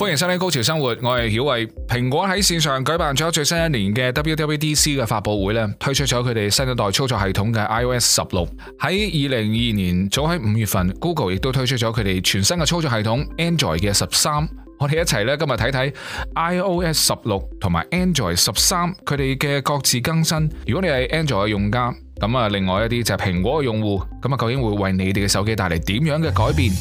歡迎收聽《高潮生活》，我係曉慧。蘋果喺線上舉辦咗最新一年嘅 WWDC 嘅發佈會咧，推出咗佢哋新一代操作系統嘅 iOS 十六。喺二零二二年早喺五月份，Google 亦都推出咗佢哋全新嘅操作系統 Android 嘅十三。我哋一齊咧今日睇睇 iOS 十六同埋 Android 十三佢哋嘅各自更新。如果你係 Android 嘅用家，咁啊另外一啲就係蘋果嘅用戶，咁啊究竟會為你哋嘅手機帶嚟點樣嘅改變？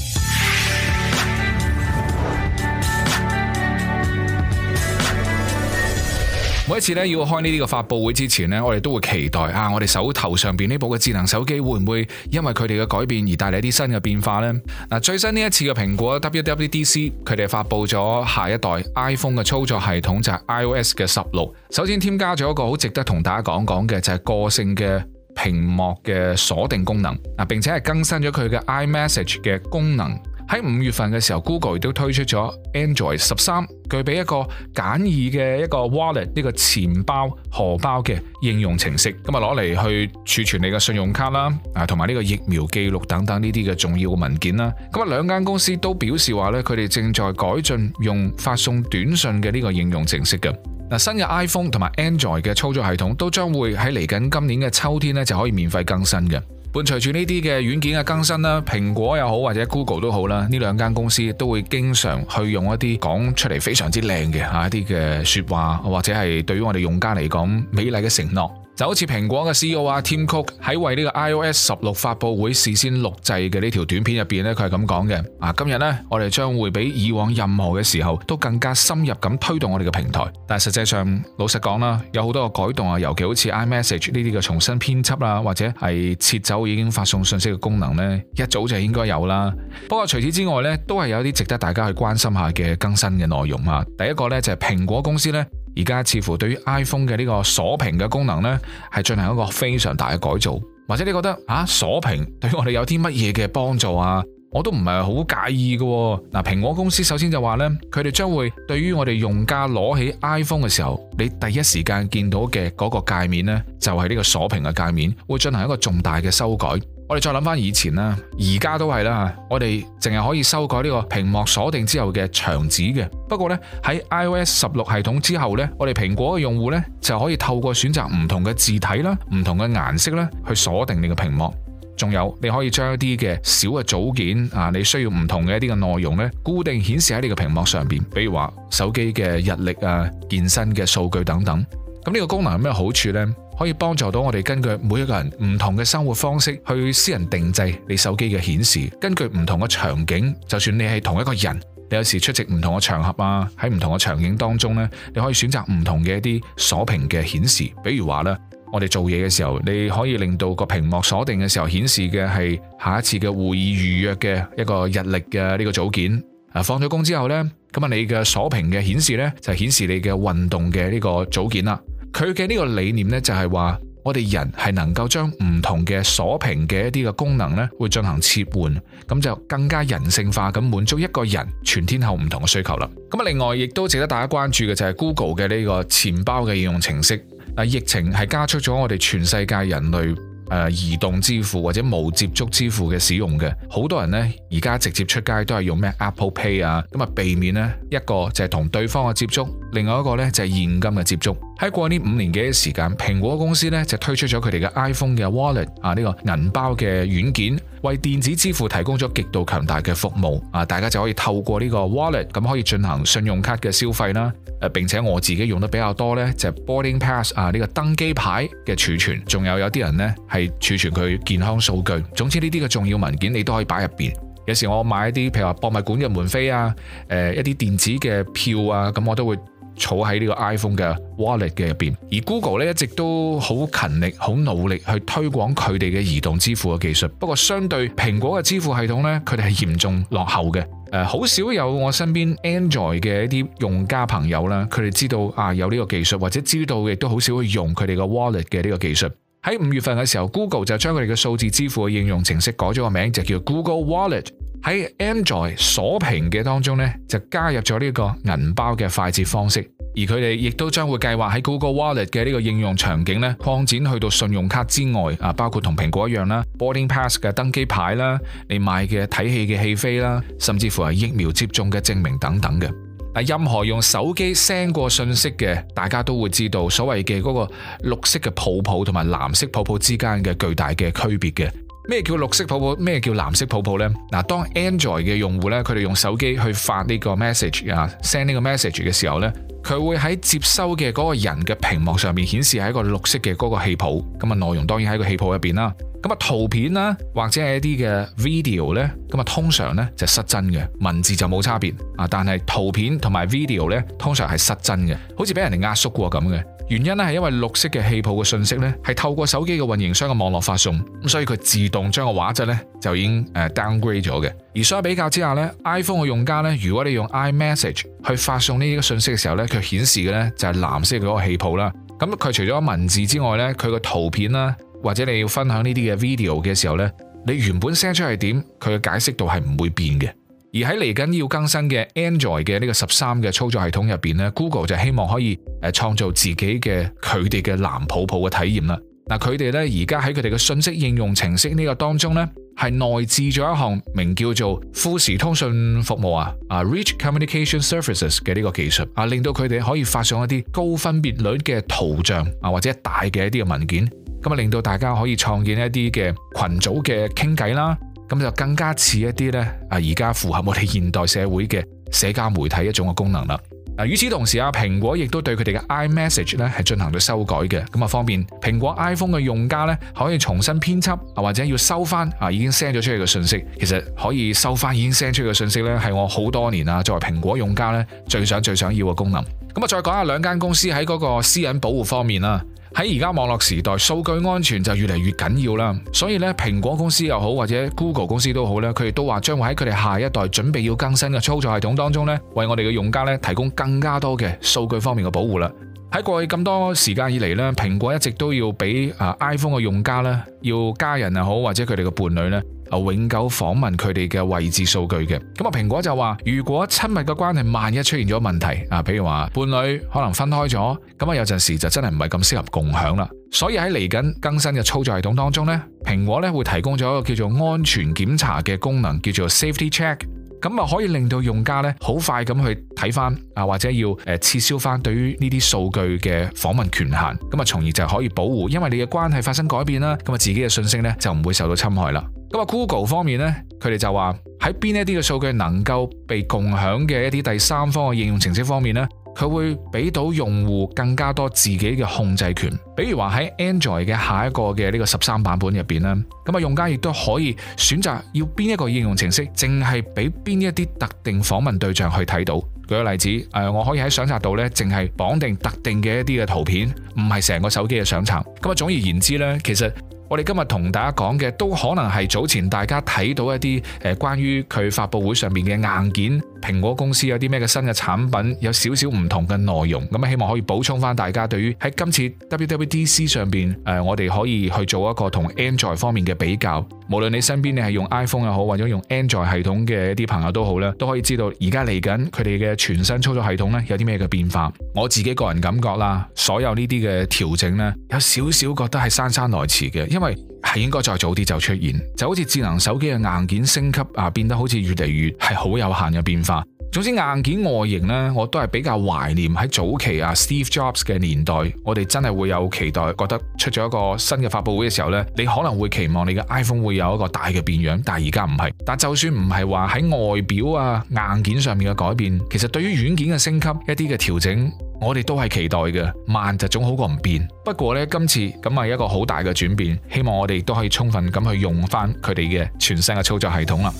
每一次咧要開呢啲個發佈會之前咧，我哋都會期待啊，我哋手頭上邊呢部嘅智能手機會唔會因為佢哋嘅改變而帶嚟一啲新嘅變化咧？嗱，最新呢一次嘅蘋果 WWDC，佢哋發佈咗下一代 iPhone 嘅操作系統就係 iOS 嘅十六。首先添加咗一個好值得同大家講講嘅就係個性嘅屏幕嘅鎖定功能啊，並且係更新咗佢嘅 iMessage 嘅功能。喺五月份嘅時候，Google 亦都推出咗 Android 十三，具備一個簡易嘅一個 wallet 呢個錢包荷包嘅應用程式，咁啊攞嚟去儲存你嘅信用卡啦，啊同埋呢個疫苗記錄等等呢啲嘅重要文件啦。咁啊兩間公司都表示話咧，佢哋正在改進用發送短信嘅呢個應用程式嘅。嗱，新嘅 iPhone 同埋 Android 嘅操作系統都將會喺嚟緊今年嘅秋天咧就可以免費更新嘅。伴隨住呢啲嘅軟件嘅更新啦，蘋果又好，或者 Google 都好啦，呢兩間公司都會經常去用一啲講出嚟非常之靚嘅一啲嘅説話，或者係對於我哋用家嚟講美麗嘅承諾。就好似蘋果嘅 CEO 啊，Tim Cook 喺為呢個 iOS 十六發布會事先錄製嘅呢條短片入邊呢，佢係咁講嘅。啊，今日呢，我哋將會比以往任何嘅時候都更加深入咁推動我哋嘅平台。但係實際上，老實講啦，有好多嘅改動啊，尤其好似 iMessage 呢啲嘅重新編輯啦，或者係撤走已經發送信息嘅功能呢，一早就應該有啦。不過除此之外呢，都係有啲值得大家去關心下嘅更新嘅內容啊。第一個呢，就係蘋果公司呢。而家似乎對於 iPhone 嘅呢個鎖屏嘅功能呢，係進行一個非常大嘅改造。或者你覺得啊鎖屏對於我哋有啲乜嘢嘅幫助啊？我都唔係好介意嘅、哦。嗱、啊，蘋果公司首先就話呢，佢哋將會對於我哋用家攞起 iPhone 嘅時候，你第一時間見到嘅嗰個界面呢，就係、是、呢個鎖屏嘅界面，會進行一個重大嘅修改。我哋再諗翻以前啦，而家都係啦。我哋淨係可以修改呢個屏幕鎖定之後嘅牆紙嘅。不過呢，喺 iOS 十六系統之後呢，我哋蘋果嘅用戶呢，就可以透過選擇唔同嘅字體啦、唔同嘅顏色啦去鎖定你嘅屏幕。仲有你可以將一啲嘅小嘅組件啊，你需要唔同嘅一啲嘅內容呢，固定顯示喺你嘅屏幕上邊。比如話手機嘅日曆啊、健身嘅數據等等。咁呢個功能有咩好處呢？可以幫助到我哋根據每一個人唔同嘅生活方式去私人定製你手機嘅顯示。根據唔同嘅場景，就算你係同一個人，你有時出席唔同嘅場合啊，喺唔同嘅場景當中咧，你可以選擇唔同嘅一啲鎖屏嘅顯示。比如話呢我哋做嘢嘅時候，你可以令到個屏幕鎖定嘅時候顯示嘅係下一次嘅會議預約嘅一個日曆嘅呢個組件。啊，放咗工之後呢，咁啊你嘅鎖屏嘅顯示呢，就係顯示你嘅運動嘅呢個組件啦。佢嘅呢個理念呢，就係話，我哋人係能夠將唔同嘅鎖屏嘅一啲嘅功能咧，會進行切換，咁就更加人性化，咁滿足一個人全天候唔同嘅需求啦。咁啊，另外亦都值得大家關注嘅就係 Google 嘅呢個錢包嘅應用程式。啊，疫情係加速咗我哋全世界人類誒移動支付或者無接觸支付嘅使用嘅，好多人呢，而家直接出街都係用咩 Apple Pay 啊，咁啊避免咧一個就係同對方嘅接觸，另外一個呢就係現金嘅接觸。喺過呢五年幾嘅時間，蘋果公司咧就推出咗佢哋嘅 iPhone 嘅 Wallet 啊呢個銀包嘅軟件，為電子支付提供咗極度強大嘅服務。啊，大家就可以透過呢個 Wallet 咁可以進行信用卡嘅消費啦。誒、啊，並且我自己用得比較多呢，就係 boarding pass 啊呢個登機牌嘅儲存，仲有有啲人呢係儲存佢健康數據。總之呢啲嘅重要文件你都可以擺入邊。有時我買一啲譬如話博物館嘅門飛啊，誒、呃、一啲電子嘅票啊，咁我都會。儲喺呢個 iPhone 嘅 wallet 嘅入邊，而 Google 咧一直都好勤力、好努力去推廣佢哋嘅移動支付嘅技術。不過相對蘋果嘅支付系統咧，佢哋係嚴重落後嘅。誒、呃，好少有我身邊 Android 嘅一啲用家朋友啦，佢哋知道啊有呢個技術，或者知道亦都好少去用佢哋嘅 wallet 嘅呢個技術。喺五月份嘅時候，Google 就將佢哋嘅數字支付嘅應用程式改咗個名，就叫做 Google Wallet。喺 Android 鎖屏嘅當中咧，就加入咗呢個銀包嘅快捷方式，而佢哋亦都將會計劃喺 Google Wallet 嘅呢個應用場景咧，擴展去到信用卡之外，啊，包括同蘋果一樣啦，boarding pass 嘅登機牌啦，你買嘅睇戲嘅戲飛啦，甚至乎係疫苗接種嘅證明等等嘅。但任何用手機 send 過信息嘅，大家都會知道所謂嘅嗰個綠色嘅泡泡同埋藍色泡泡之間嘅巨大嘅區別嘅。咩叫綠色泡泡？咩叫藍色泡泡呢？嗱，當 Android 嘅用戶咧，佢哋用手機去發呢個 message 啊，send 呢個 message 嘅時候咧，佢會喺接收嘅嗰個人嘅屏幕上面顯示喺一個綠色嘅嗰個氣泡。咁啊，內容當然喺個氣泡入邊啦。咁啊，圖片啦，或者係一啲嘅 video 呢，咁啊，通常呢就失真嘅，文字就冇差別啊。但係圖片同埋 video 呢，通常係失真嘅，好似俾人哋壓縮過咁嘅。原因咧，係因為綠色嘅氣泡嘅信息咧，係透過手機嘅運營商嘅網絡發送，咁所以佢自動將個畫質咧，就已經誒 downgrade 咗嘅。而相比較之下咧，iPhone 嘅用家咧，如果你用 iMessage 去發送呢啲信息嘅時候咧，佢顯示嘅咧，就係藍色嘅嗰個氣泡啦。咁佢除咗文字之外咧，佢個圖片啦，或者你要分享呢啲嘅 video 嘅時候咧，你原本 send 出係點，佢嘅解釋度係唔會變嘅。而喺嚟緊要更新嘅 Android 嘅呢個十三嘅操作系統入邊咧，Google 就希望可以誒創造自己嘅佢哋嘅藍泡泡嘅體驗啦。嗱，佢哋咧而家喺佢哋嘅訊息應用程式呢個當中咧，係內置咗一項名叫做富時通訊服務啊啊 Rich Communication Services 嘅呢個技術啊，令到佢哋可以發上一啲高分辨率嘅圖像啊或者大嘅一啲嘅文件，咁啊令到大家可以創建一啲嘅群組嘅傾偈啦。咁就更加似一啲呢，啊！而家符合我哋現代社會嘅社交媒體一種嘅功能啦。嗱，與此同時啊，蘋果亦都對佢哋嘅 iMessage 呢係進行咗修改嘅，咁啊方便蘋果 iPhone 嘅用家呢，可以重新編輯啊，或者要收翻啊已經 send 咗出去嘅信息。其實可以收翻已經 send 出去嘅信息呢，係我好多年啊作為蘋果用家呢最想最想要嘅功能。咁啊，再講下兩間公司喺嗰個私隱保護方面啦。喺而家網絡時代，數據安全就越嚟越緊要啦。所以咧，蘋果公司又好，或者 Google 公司都好咧，佢哋都話將會喺佢哋下一代準備要更新嘅操作系統當中咧，為我哋嘅用家咧提供更加多嘅數據方面嘅保護啦。喺過去咁多時間以嚟咧，蘋果一直都要俾啊 iPhone 嘅用家咧，要家人又好或者佢哋嘅伴侶咧，啊永久訪問佢哋嘅位置數據嘅。咁啊蘋果就話，如果親密嘅關係萬一出現咗問題啊，譬如話伴侶可能分開咗，咁啊有陣時就真係唔係咁適合共享啦。所以喺嚟緊更新嘅操作系統當中咧，蘋果咧會提供咗一個叫做安全檢查嘅功能，叫做 Safety Check。咁啊，可以令到用家咧好快咁去睇翻啊，或者要誒撤銷翻對於呢啲數據嘅訪問權限，咁啊，從而就可以保護，因為你嘅關係發生改變啦，咁啊，自己嘅信息咧就唔會受到侵害啦。咁啊，Google 方面咧，佢哋就話喺邊一啲嘅數據能夠被共享嘅一啲第三方嘅應用程式方面咧。佢會俾到用戶更加多自己嘅控制權，比如話喺 Android 嘅下一個嘅呢個十三版本入邊咧，咁啊，用家亦都可以選擇要邊一個應用程式，淨係俾邊一啲特定訪問對象去睇到。舉個例子，誒我可以喺相冊度咧，淨係綁定特定嘅一啲嘅圖片，唔係成個手機嘅相冊。咁啊，總而言之呢，其實我哋今日同大家講嘅都可能係早前大家睇到一啲誒關於佢發布會上面嘅硬件。蘋果公司有啲咩嘅新嘅產品，有少少唔同嘅內容，咁啊希望可以補充翻大家對於喺今次 WWDC 上邊，誒、呃、我哋可以去做一個同 Android 方面嘅比較。無論你身邊你係用 iPhone 又好，或者用 Android 系統嘅一啲朋友都好啦，都可以知道而家嚟緊佢哋嘅全新操作系統咧有啲咩嘅變化。我自己個人感覺啦，所有呢啲嘅調整呢，有少少覺得係姍姍來遲嘅，因為，係應該再早啲就出現，就好似智能手機嘅硬件升級啊，變得好似越嚟越係好有限嘅變化。總之，硬件外形呢，我都係比較懷念喺早期啊，Steve Jobs 嘅年代，我哋真係會有期待，覺得出咗一個新嘅發布會嘅時候呢，你可能會期望你嘅 iPhone 會有一個大嘅變樣，但係而家唔係。但就算唔係話喺外表啊硬件上面嘅改變，其實對於軟件嘅升級一啲嘅調整。我哋都係期待嘅，慢就總好過唔變。不過呢，今次咁係一個好大嘅轉變，希望我哋都可以充分咁去用翻佢哋嘅全新嘅操作系統啦。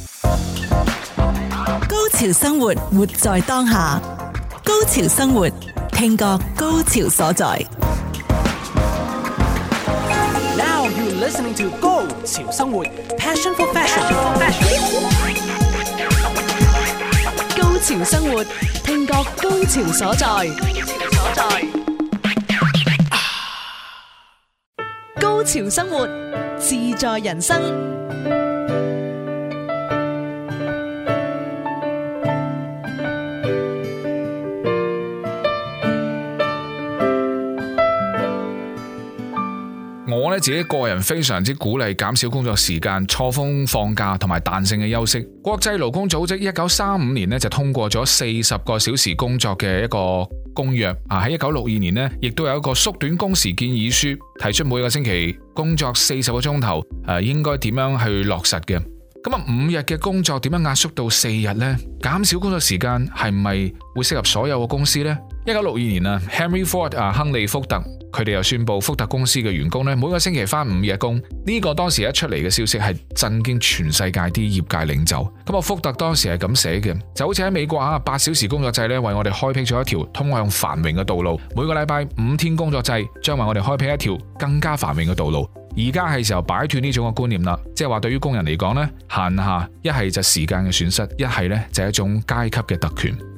高潮生活，活在當下。高潮生活，聽過高潮所在。Now you listening to 高潮生活，Passion for fashion。高潮生活，聽覺高潮所在。高潮所在。高潮生活，自在人生。自己個人非常之鼓勵減少工作時間，錯峰放假同埋彈性嘅休息。國際勞工組織一九三五年呢，就通過咗四十個小時工作嘅一個公約啊，喺一九六二年呢，亦都有一個縮短工時建議書，提出每個星期工作四十個鐘頭誒，應該點樣去落實嘅？咁啊，五日嘅工作點樣壓縮到四日呢？減少工作時間係咪會適合所有嘅公司呢？一九六二年啊，Henry Ford 啊，亨利福特。佢哋又宣布福特公司嘅員工咧，每個星期翻五日工。呢個當時一出嚟嘅消息係震驚全世界啲業界領袖。咁啊，福特當時係咁寫嘅，就好似喺美國吓八小時工作制呢，為我哋開闢咗一條通向繁榮嘅道路。每個禮拜五天工作制，將為我哋開闢一條更加繁榮嘅道路。而家係時候擺脫呢種嘅觀念啦，即係話對於工人嚟講呢，閒下一係就時間嘅損失，一係呢就一種階級嘅特權。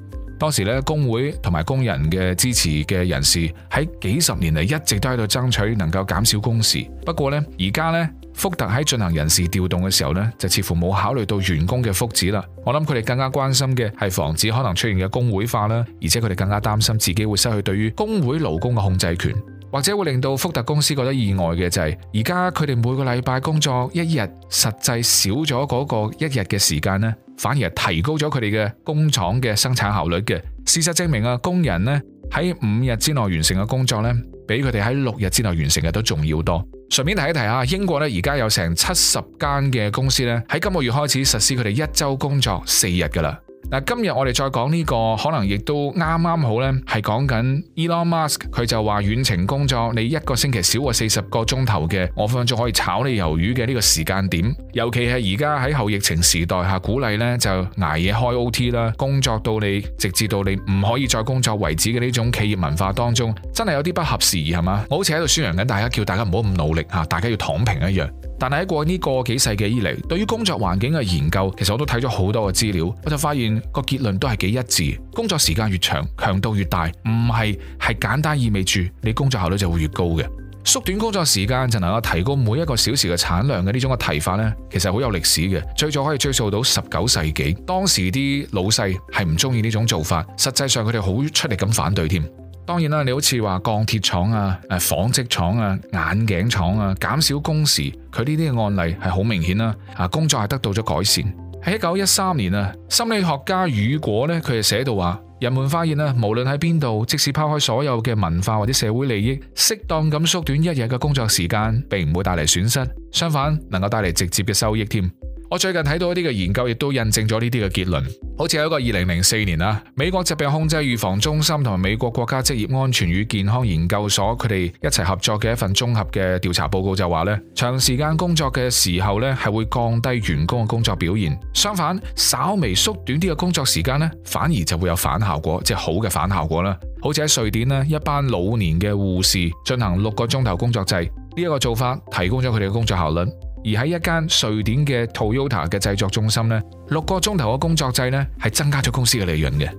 當時咧，工會同埋工人嘅支持嘅人士喺幾十年嚟一直都喺度爭取能夠減少工時。不過呢，而家咧，福特喺進行人事調動嘅時候呢，就似乎冇考慮到員工嘅福祉啦。我諗佢哋更加關心嘅係防止可能出現嘅工會化啦，而且佢哋更加擔心自己會失去對於工會勞工嘅控制權，或者會令到福特公司覺得意外嘅就係而家佢哋每個禮拜工作一日，實際少咗嗰個一日嘅時間呢。反而係提高咗佢哋嘅工廠嘅生產效率嘅。事實證明啊，工人呢喺五日之內完成嘅工作呢，比佢哋喺六日之內完成嘅都仲要多。順便提，提一提啊，英國呢而家有成七十間嘅公司呢，喺今個月開始實施佢哋一周工作四日㗎喇。嗱，今日我哋再講呢個，可能亦都啱啱好呢係講緊 Elon Musk，佢就話遠程工作，你一個星期少過四十個鐘頭嘅，我分分鐘可以炒你魷魚嘅呢個時間點。尤其係而家喺後疫情時代下鼓勵呢就挨夜開 OT 啦，工作到你直至到你唔可以再工作為止嘅呢種企業文化當中，真係有啲不合時宜，係嘛？我好似喺度宣揚緊，大家叫大家唔好咁努力吓，大家要躺平一樣。但係喺過呢個幾世紀以嚟，對於工作環境嘅研究，其實我都睇咗好多嘅資料，我就發現個結論都係幾一致。工作時間越長，強度越大，唔係係簡單意味住你工作效率就會越高嘅。縮短工作時間就能夠提高每一個小時嘅產量嘅呢種嘅提法呢，其實好有歷史嘅，最早可以追溯到十九世紀，當時啲老細係唔中意呢種做法，實際上佢哋好出力咁反對添。當然啦，你好似話鋼鐵廠啊、誒紡織廠啊、眼鏡廠啊，減少工時，佢呢啲嘅案例係好明顯啦，啊工作係得到咗改善。喺一九一三年啊，心理學家雨果咧，佢就寫到話，人們發現啦，無論喺邊度，即使拋開所有嘅文化或者社會利益，適當咁縮短一日嘅工作時間，並唔會帶嚟損失，相反能夠帶嚟直接嘅收益添。我最近睇到一啲嘅研究，亦都印證咗呢啲嘅結論。好似喺一個二零零四年啊，美國疾病控制預防中心同埋美國國家職業安全與健康研究所，佢哋一齊合作嘅一份綜合嘅調查報告就話咧，長時間工作嘅時候咧係會降低員工嘅工作表現。相反，稍微縮短啲嘅工作時間咧，反而就會有反效果，即係好嘅反效果啦。好似喺瑞典啦，一班老年嘅護士進行六個鐘頭工作制，呢一個做法提供咗佢哋嘅工作效率。而喺一間瑞典嘅 Toyota 嘅製作中心呢，六個鐘頭嘅工作制呢，係增加咗公司嘅利潤嘅。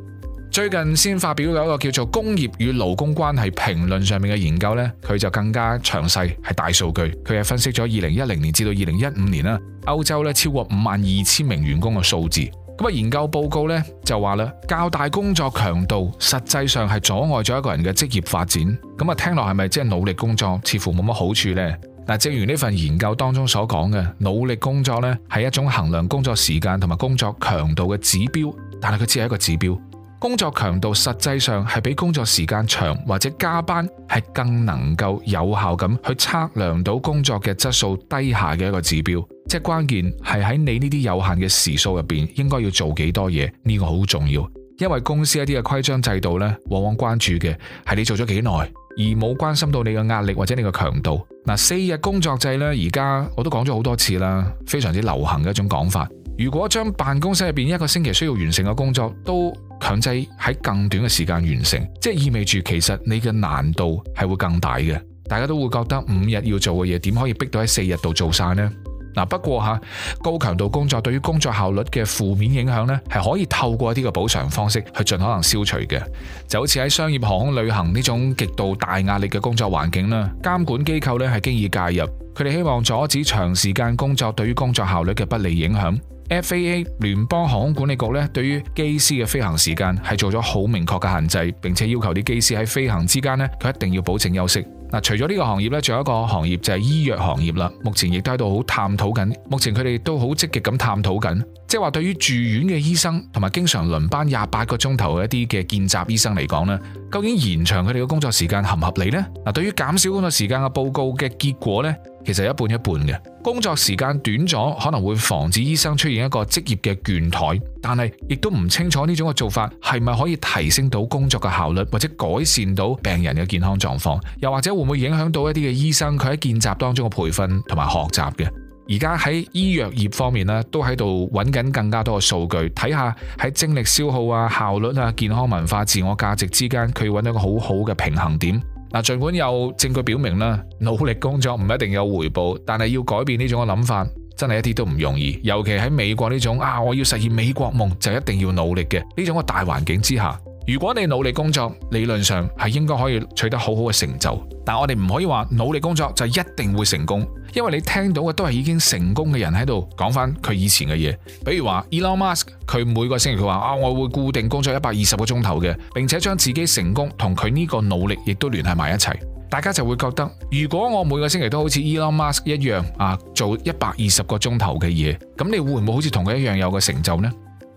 最近先發表咗一個叫做《工業與勞工關係評論》上面嘅研究呢，佢就更加詳細係大數據，佢係分析咗二零一零年至到二零一五年啦，歐洲咧，超過五萬二千名員工嘅數字。咁啊，研究報告呢就話啦，較大工作強度實際上係阻礙咗一個人嘅職業發展。咁啊，聽落係咪即係努力工作似乎冇乜好處呢？但正如呢份研究當中所講嘅，努力工作呢係一種衡量工作時間同埋工作強度嘅指標，但係佢只係一個指標。工作強度實際上係比工作時間長或者加班係更能夠有效咁去測量到工作嘅質素低下嘅一個指標。即係關鍵係喺你呢啲有限嘅時數入邊應該要做幾多嘢，呢個好重要。因為公司一啲嘅規章制度呢，往往關注嘅係你做咗幾耐，而冇關心到你嘅壓力或者你嘅強度。嗱，四日工作制呢，而家我都講咗好多次啦，非常之流行嘅一種講法。如果將辦公室入邊一個星期需要完成嘅工作，都強制喺更短嘅時間完成，即係意味住其實你嘅難度係會更大嘅，大家都會覺得五日要做嘅嘢，點可以逼到喺四日度做晒呢？嗱，不過吓高強度工作對於工作效率嘅負面影響咧，係可以透過一啲嘅補償方式去盡可能消除嘅，就好似喺商業航空旅行呢種極度大壓力嘅工作環境啦，監管機構咧係經已介入，佢哋希望阻止長時間工作對於工作效率嘅不利影響。FAA 聯邦航空管理局咧，對於機師嘅飛行時間係做咗好明確嘅限制，並且要求啲機師喺飛行之間咧，佢一定要保證休息。嗱，除咗呢個行業咧，仲有一個行業就係醫藥行業啦。目前亦都喺度好探討緊，目前佢哋都好積極咁探討緊，即係話對於住院嘅醫生同埋經常輪班廿八個鐘頭嘅一啲嘅見習醫生嚟講咧，究竟延長佢哋嘅工作時間合唔合理呢？嗱，對於減少工作時間嘅報告嘅結果呢？其實一半一半嘅，工作時間短咗，可能會防止醫生出現一個職業嘅倦怠，但係亦都唔清楚呢種嘅做法係咪可以提升到工作嘅效率，或者改善到病人嘅健康狀況，又或者會唔會影響到一啲嘅醫生佢喺見習當中嘅培訓同埋學習嘅。而家喺醫藥業方面咧，都喺度揾緊更加多嘅數據，睇下喺精力消耗啊、效率啊、健康文化、自我價值之間，佢揾到一個好好嘅平衡點。嗱，盡管有證據表明努力工作唔一定有回報，但係要改變呢種嘅諗法，真係一啲都唔容易，尤其喺美國呢種啊，我要實現美國夢就一定要努力嘅呢種大環境之下。如果你努力工作，理論上係應該可以取得好好嘅成就，但我哋唔可以話努力工作就一定會成功，因為你聽到嘅都係已經成功嘅人喺度講翻佢以前嘅嘢，比如話 Elon Musk，佢每個星期佢話啊我會固定工作一百二十個鐘頭嘅，並且將自己成功同佢呢個努力亦都聯繫埋一齊，大家就會覺得如果我每個星期都好似 Elon Musk 一樣啊做一百二十個鐘頭嘅嘢，咁你會唔會好似同佢一樣有個成就呢？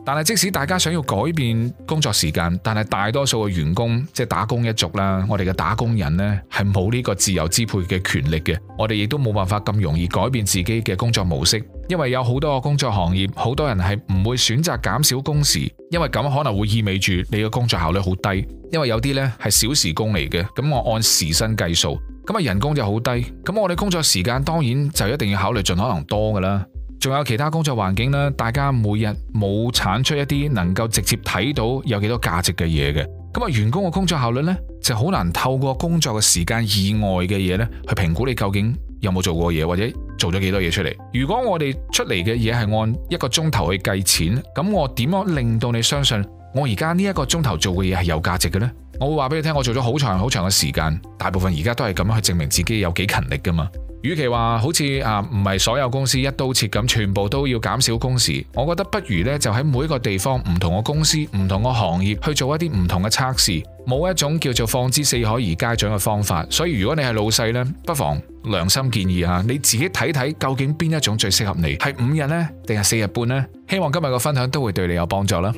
但係，即使大家想要改變工作時間，但係大多數嘅員工，即係打工一族啦，我哋嘅打工人呢，係冇呢個自由支配嘅權力嘅。我哋亦都冇辦法咁容易改變自己嘅工作模式，因為有好多嘅工作行業，好多人係唔會選擇減少工時，因為咁可能會意味住你嘅工作效率好低。因為有啲呢係小時工嚟嘅，咁我按時薪計數，咁啊人工就好低，咁我哋工作時間當然就一定要考慮盡可能多㗎啦。仲有其他工作環境咧，大家每日冇產出一啲能夠直接睇到有幾多價值嘅嘢嘅，咁啊，員工嘅工作效率呢，就好難透過工作嘅時間以外嘅嘢呢去評估你究竟有冇做過嘢，或者做咗幾多嘢出嚟。如果我哋出嚟嘅嘢係按一個鐘頭去計錢，咁我點樣令到你相信我而家呢一個鐘頭做嘅嘢係有價值嘅呢？我會話俾你聽，我做咗好長好長嘅時間，大部分而家都係咁樣去證明自己有幾勤力噶嘛。與其話好似啊，唔係所有公司一刀切咁，全部都要減少工時，我覺得不如呢，就喺每一個地方、唔同嘅公司、唔同嘅行業去做一啲唔同嘅測試。冇一種叫做放之四海而皆準嘅方法，所以如果你係老細呢，不妨良心建議吓，你自己睇睇究竟邊一種最適合你，係五日呢定係四日半呢。希望今日嘅分享都會對你有幫助啦。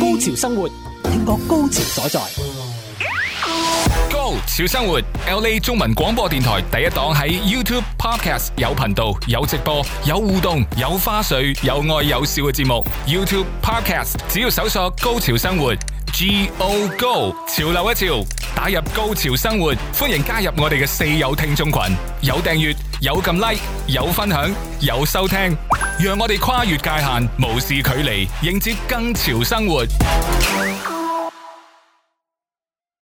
高潮生活，聽覺高潮所在。高潮生活，L A 中文廣播電台第一檔，喺 YouTube podcast 有頻道、有直播、有互動、有花絮、有愛有笑嘅節目。YouTube podcast 只要搜索“高潮生活”。G O Go，潮流一潮，打入高潮生活，歡迎加入我哋嘅四友聽眾群，有訂閱，有撳 like，有分享，有收聽，讓我哋跨越界限，無視距離，迎接更潮生活。